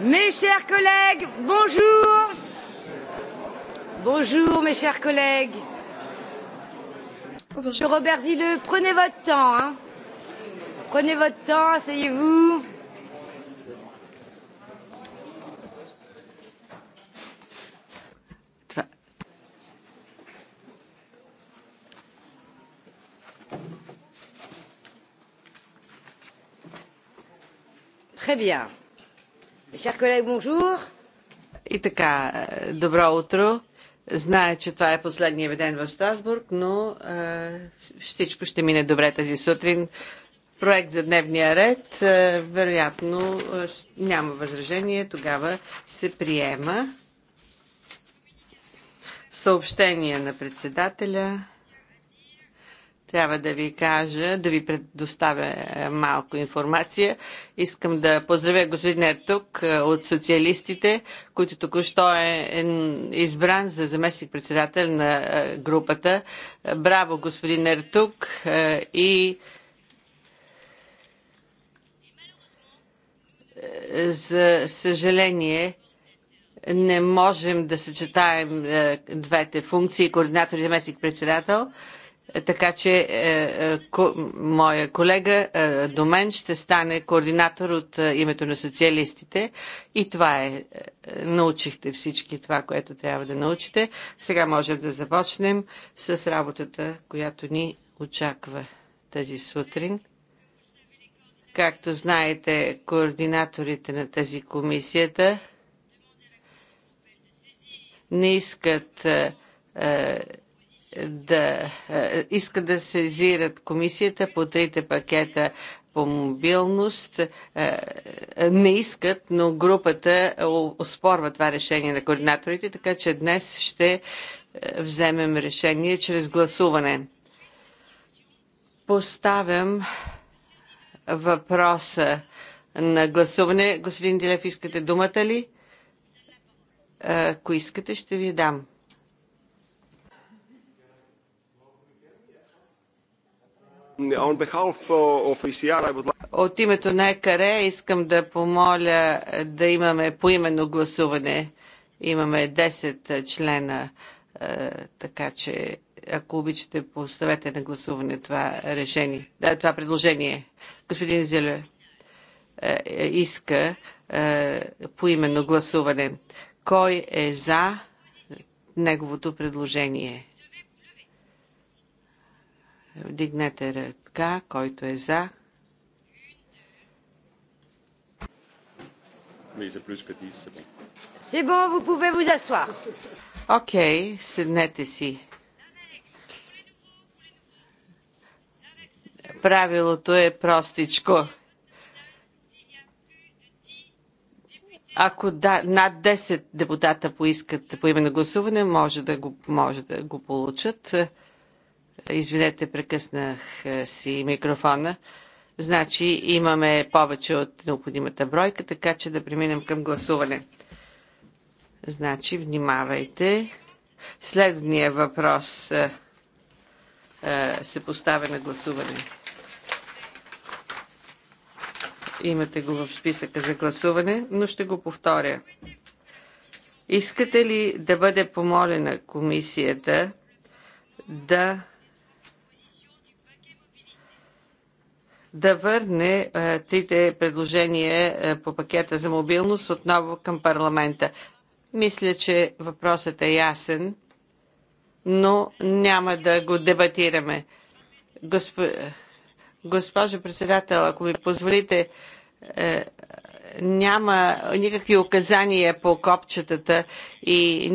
Mes chers collègues, bonjour. Bonjour, mes chers collègues. Monsieur Robert Zilleux, prenez votre temps. Hein. Prenez votre temps, asseyez-vous. Très bien. И така, е, добро утро. Знае, че това е последния ден в Страсбург, но е, всичко ще мине добре тази сутрин. Проект за дневния ред, е, вероятно е, няма възражение, тогава се приема. Съобщение на председателя трябва да ви кажа, да ви предоставя малко информация. Искам да поздравя господин Ертук е, от социалистите, който току-що е, е избран за заместник-председател на е, групата. Браво, господин Ертук и за съжаление, не можем да съчетаем двете функции, координатор и заместник-председател. председател така че е, е, ко, моя колега е, до мен ще стане координатор от е, името на социалистите и това е, е. Научихте всички това, което трябва да научите. Сега можем да започнем с работата, която ни очаква тази сутрин. Както знаете, координаторите на тази комисията не искат е, да е, искат да сезират комисията по трите пакета по мобилност е, е, не искат, но групата оспорва това решение на координаторите, така че днес ще вземем решение чрез гласуване. Поставям въпроса на гласуване. Господин Дилев, искате думата ли? Ако искате, ще ви дам. От името на ЕКР искам да помоля да имаме поименно гласуване. Имаме 10 члена, е, така че ако обичате, поставете на гласуване това решение, да, това предложение. Господин Зеле е, е, иска поименно гласуване. Кой е за неговото предложение? Вдигнете ръка, който е за. Се бо, ви пове ви asseoir. Окей, седнете си. Правилото е простичко. Ако да, над 10 депутата поискат по име на гласуване, може да го, може да го получат. Извинете, прекъснах е, си микрофона. Значи имаме повече от необходимата бройка, така че да преминем към гласуване. Значи, внимавайте. Следния въпрос а, е, е, се поставя на гласуване. Имате го в списъка за гласуване, но ще го повторя. Искате ли да бъде помолена комисията да да върне трите предложения по пакета за мобилност отново към парламента. Мисля, че въпросът е ясен, но няма да го дебатираме. Госпожо председател, ако ви позволите, е, няма никакви указания по копчетата и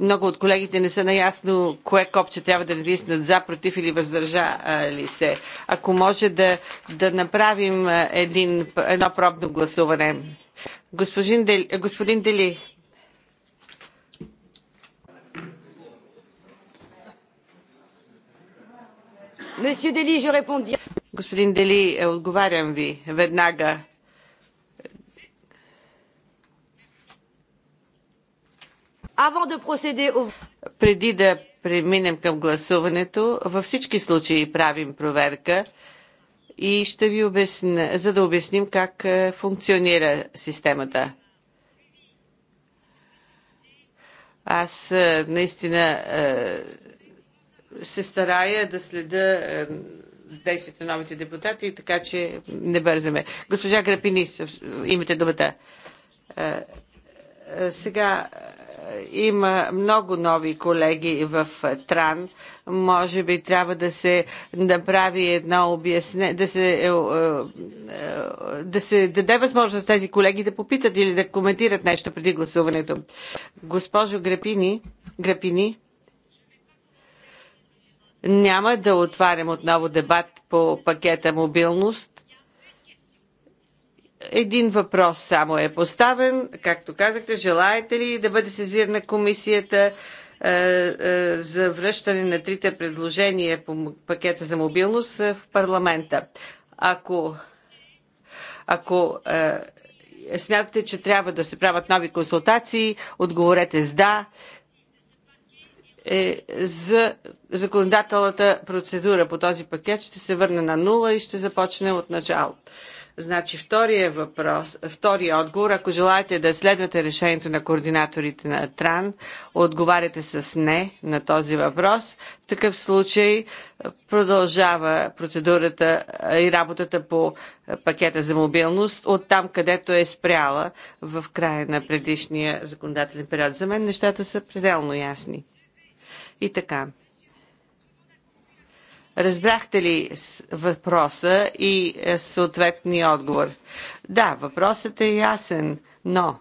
много от колегите не са наясно кое копче трябва да натиснат за, против или въздържали се. Ако може да, да направим един, едно пробно гласуване. Господин Дели, господин Дели. Господин Дели, е, отговарям ви веднага. Преди да преминем към гласуването, във всички случаи правим проверка и ще ви обясня, за да обясним как е, функционира системата. Аз е, наистина е, се старая да следя действията на новите депутати, така че не бързаме. Госпожа Грапини, имате думата. Сега има много нови колеги в Тран. Може би трябва да се направи едно обясне, да се, е, е, да се даде възможност тези колеги да попитат или да коментират нещо преди гласуването. Госпожо Грапини, Грапини, няма да отварям отново дебат по пакета мобилност. Един въпрос само е поставен. Както казахте, желаете ли да бъде сезирана комисията е, е, за връщане на трите предложения по пакета за мобилност е, в парламента? Ако, ако смятате, че трябва да се правят нови консултации, отговорете с да е, за законодателната процедура по този пакет ще се върне на нула и ще започне от начало. Значи втория въпрос, втория отговор, ако желаете да следвате решението на координаторите на Тран, отговаряте с не на този въпрос. В такъв случай е, продължава процедурата е, и работата по е, пакета за мобилност от там, където е спряла в края на предишния законодателен период. За мен нещата са пределно ясни. И така, Разбрахте ли въпроса и е, съответния отговор? Да, въпросът е ясен, но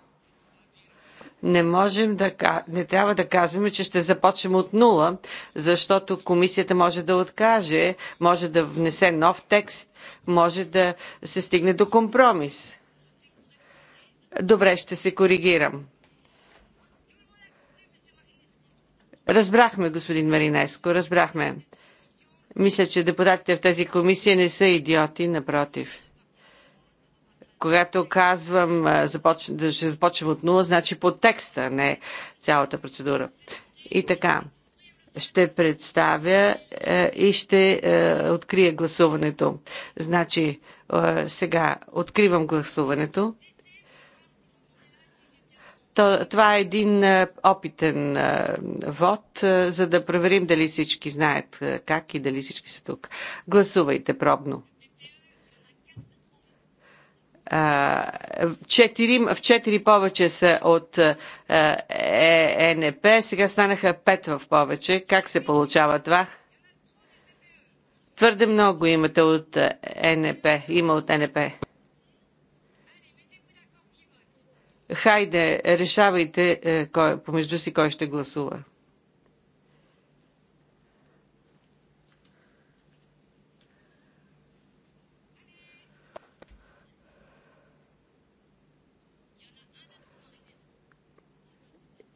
не можем да, не трябва да казваме, че ще започнем от нула, защото комисията може да откаже, може да внесе нов текст, може да се стигне до компромис. Добре, ще се коригирам. Разбрахме, господин Маринеско, разбрахме. Мисля, че депутатите в тази комисия не са идиоти, напротив. Когато казвам, започ... да ще започнем от нула, значи по текста, не цялата процедура. И така, ще представя е, и ще е, открия гласуването. Значи, е, сега откривам гласуването. То, това е един е, опитен е, вод, е, за да проверим дали всички знаят как и дали всички са тук. Гласувайте пробно. Четири, в четири повече са от ЕНП, сега станаха пет в повече. Как се получава това? Твърде много имате от ЕНП. Има от ЕНП. хайде, решавайте е, кой, помежду си кой ще гласува.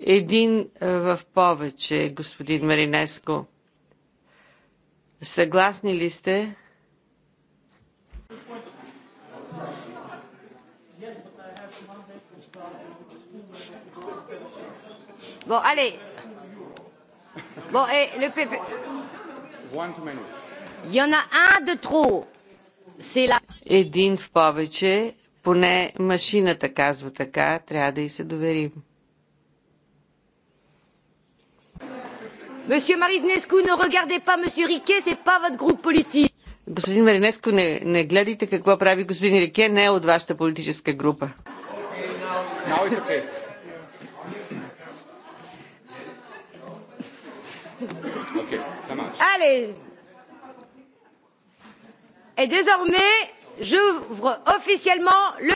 Един е, в повече, господин Маринеско. Съгласни ли сте? Bon, allez. Bon, et le PP. Il y en a un de trop. C'est la... Един в повече, поне машината казва така, трябва да и се доверим. Monsieur Marinescu, ne regardez pas Monsieur Riquet, c'est pas votre groupe politique. Господин Маринеско, не, не гледайте какво прави господин Рике, не е от вашата политическа група now it's okay. Okay, ça marche. Allez. Et désormais, j'ouvre officiellement le...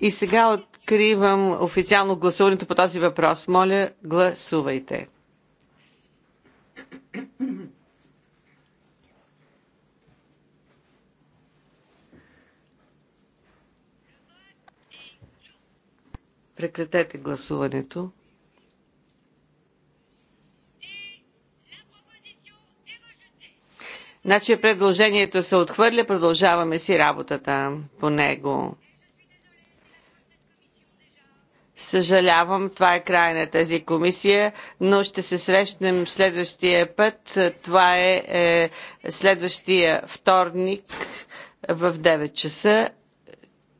И сега откривам официално гласуването по този въпрос. Моля, гласувайте. Прекратете гласуването. Значи предложението се отхвърля, продължаваме си работата по него. Съжалявам, това е край на тази комисия, но ще се срещнем следващия път. Това е, е следващия вторник в 9 часа.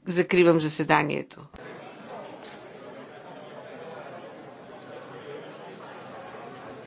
Закривам заседанието.